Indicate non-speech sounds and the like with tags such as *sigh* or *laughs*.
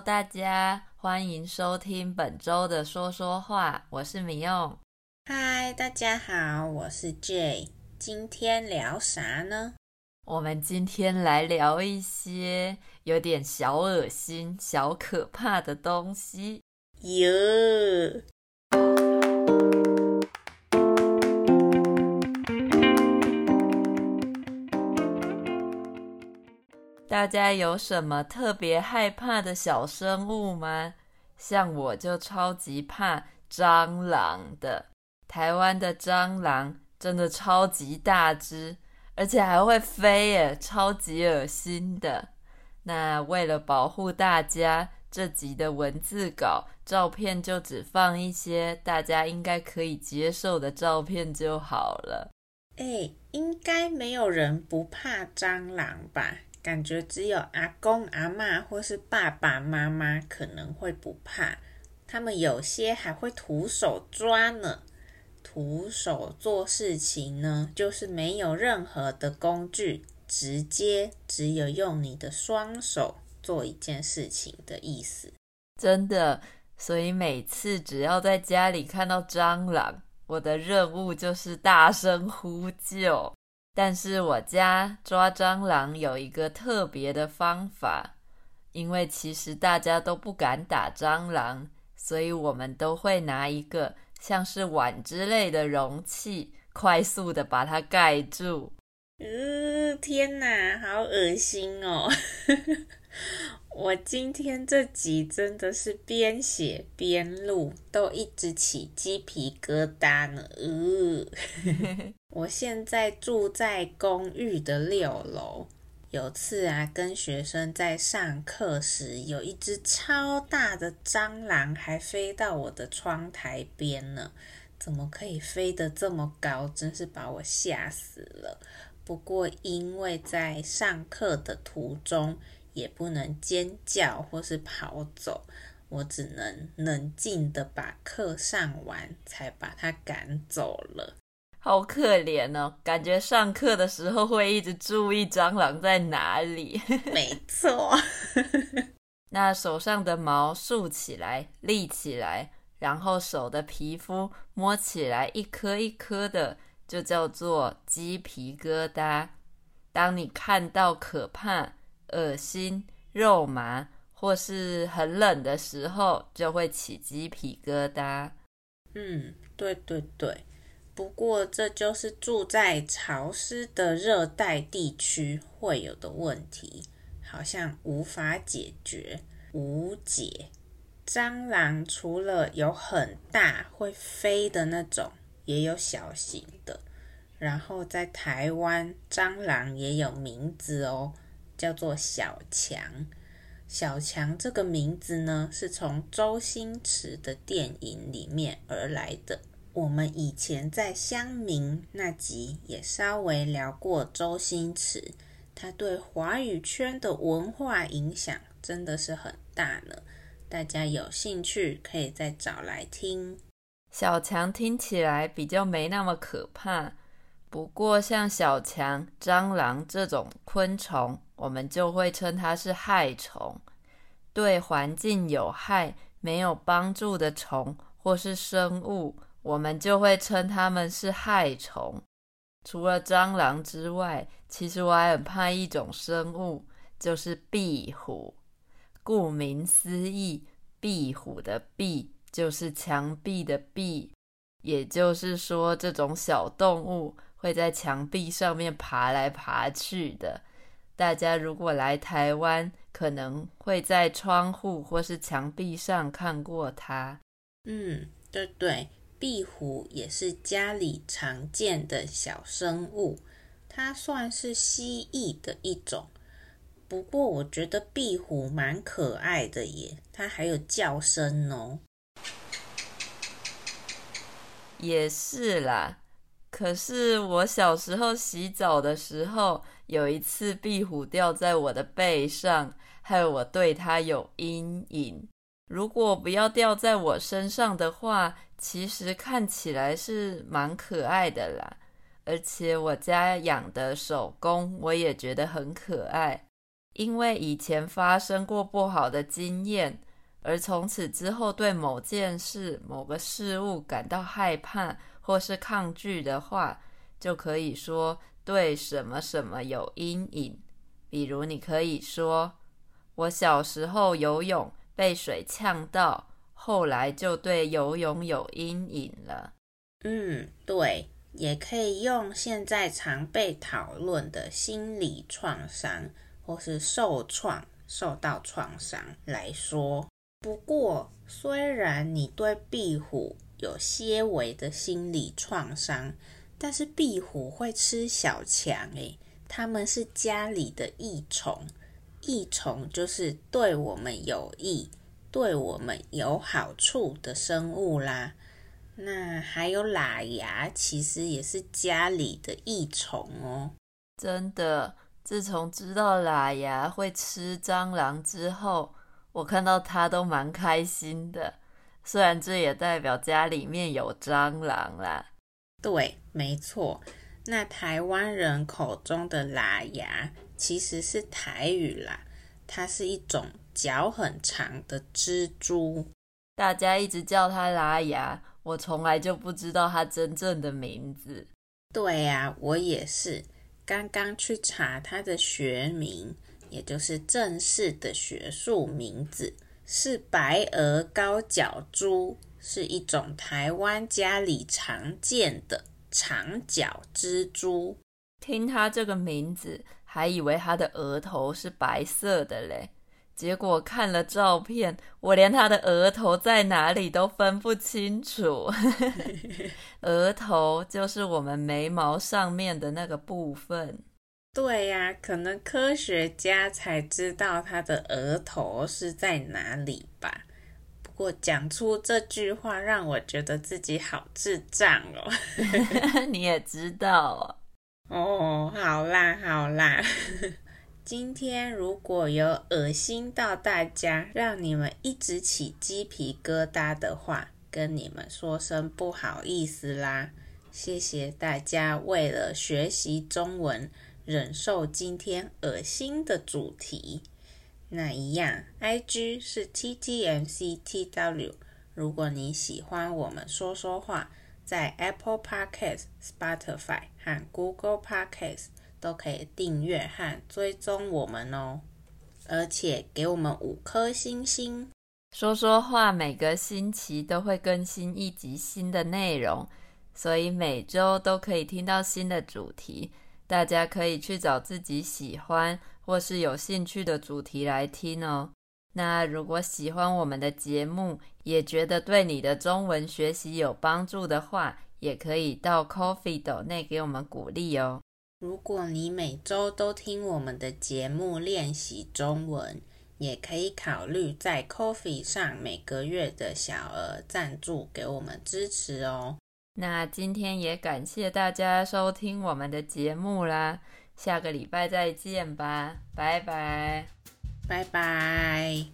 大家，歡迎收聽本週的說說話，我是米用。嗨，大家好，我是 J，今天聊啥呢？我們今天來聊一些有點小惡心、小可怕的東西。有、yeah。大家有什麼特別害怕的小生物嗎？像我就超級怕蟑螂的。台灣的蟑螂真的超級大只，而且還會飛耶，超級噁心的。那為了保護大家，這集的文字稿、照片就只放一些大家應該可以接受的照片就好了。欸，應該沒有人不怕蟑螂吧？感覺只有阿公阿嬤或是爸爸媽媽可能會不怕，他們有些還會徒手抓呢。徒手做事情呢，就是沒有任何的工具，直接只有用你的雙手做一件事情的意思。真的，所以每次只要在家裡看到蟑螂，我的任務就是大聲呼救。但是我家抓蟑螂有一個特別的方法，因為其實大家都不敢打蟑螂，所以我們都會拿一個像是碗之類的容器，快速的把它蓋住。嗯、呃，天哪，好惡心哦！ *laughs* 我今天這集真的是邊寫邊錄，都一直起雞皮疙瘩呢。呃， *laughs* 我現在住在公寓的六樓。有次啊，跟學生在上課時，有一只超大的蟑螂還飛到我的窗台邊呢。怎麼可以飛得這麼高？真是把我嚇死了。不過因為在上課的途中。也不能尖叫或是跑走，我只能冷靜的把課上完，才把它趕走了。好可憐哦，感覺上課的時候會一直注意蟑螂在哪裡。 *laughs* 沒錯， *laughs* 那手上的毛豎起來、立起來，然後手的皮膚摸起來一顆一顆的，就叫做雞皮疙瘩。當你看到可怕、噁心、肉麻，或是很冷的時候，就會起雞皮疙瘩。嗯，對對對。不過，這就是住在潮濕的熱帶地區會有的問題，好像無法解決，無解。蟑螂除了有很大會飛的那種，也有小型的。然後，在台灣，蟑螂也有名字哦。叫做小強，小強這個名字呢，是從周星馳的電影裡面而來的。我們以前在鄉民那集也稍微聊過周星馳，他對華語圈的文化影響真的是很大呢。大家有興趣可以再找來聽。小強聽起來比較沒那麼可怕。不過，像小強、蟑螂這種昆蟲，我們就會稱它是害蟲，對環境有害、沒有幫助的蟲或是生物，我們就會稱它們是害蟲。除了蟑螂之外，其實我還很怕一種生物，就是壁虎。顧名思義，壁虎的“壁”就是牆壁的“壁”，也就是說，這種小動物。會在牆壁上面爬來爬去的。大家如果來台灣，可能會在窗戶或是牆壁上看過它。嗯，對對，壁虎也是家裡常見的小生物，它算是蜥蜴的一種。不過我覺得壁虎蠻可愛的耶，它還有叫聲哦。也是啦。可是我小時候洗澡的時候，有一次壁虎掉在我的背上，害我對它有陰影。如果不要掉在我身上的話，其實看起來是蠻可愛的啦。而且我家養的守宮，我也覺得很可愛，因為以前發生過不好的經驗，而從此之後對某件事、某個事物感到害怕。或是抗拒的話，就可以說對什麼什麼有陰影。比如，你可以說我小時候游泳被水嗆到，後來就對游泳有陰影了。嗯，對，也可以用現在常被討論的心理創傷或是受創、受到創傷來說。不過，雖然你對壁虎，有些微的心理創傷，但是壁虎會吃小強欸，它們是家裡的益蟲，益蟲就是對我們有益、對我們有好處的生物啦。那還有喇牙，其實也是家裡的益蟲哦。真的，自從知道喇牙會吃蟑螂之後，我看到它都蠻開心的。雖然這也代表家裡面有蟑螂啦，對，沒錯。那台灣人口中的“拉牙”其實是台語啦，它是一種腳很長的蜘蛛。大家一直叫它“拉牙”，我從來就不知道它真正的名字。對呀、啊，我也是。剛剛去查它的學名，也就是正式的學術名字。是白額高腳蛛，是一種台灣家裡常見的長腳蜘蛛。聽它這個名字，還以為它的額頭是白色的嘞，結果看了照片，我連它的額頭在哪裡都分不清楚。 *laughs* 額頭就是我們眉毛上面的那個部分。對呀、啊，可能科學家才知道他的額頭是在哪裡吧。不過講出這句話讓我覺得自己好智障哦。 *laughs* *laughs* 你也知道哦。哦、oh,，好啦好啦。 *laughs* 今天如果有惡心到大家，讓你們一直起雞皮疙瘩的話，跟你們說聲不好意思啦。謝謝大家為了學習中文。忍受今天噁心的主題，那一樣，IG 是 TTMCTW。如果你喜歡我們說說話，在 Apple Podcasts、Spotify 和 Google Podcasts 都可以訂閱和追蹤我們哦，而且給我們五顆星星。說說話每個星期都會更新一集新的內容，所以每週都可以聽到新的主題。大家可以去找自己喜歡或是有興趣的主題來聽哦。那如果喜歡我們的節目，也覺得對你的中文學習有幫助的話，也可以到 Ko-fi 抖內給我們鼓勵哦。如果你每周都聽我們的節目練習中文，也可以考慮在 Ko-fi 上每個月的小額贊助給我們支持哦。那今天也感謝大家收聽我們的節目啦，下個禮拜再見吧，拜拜，拜拜。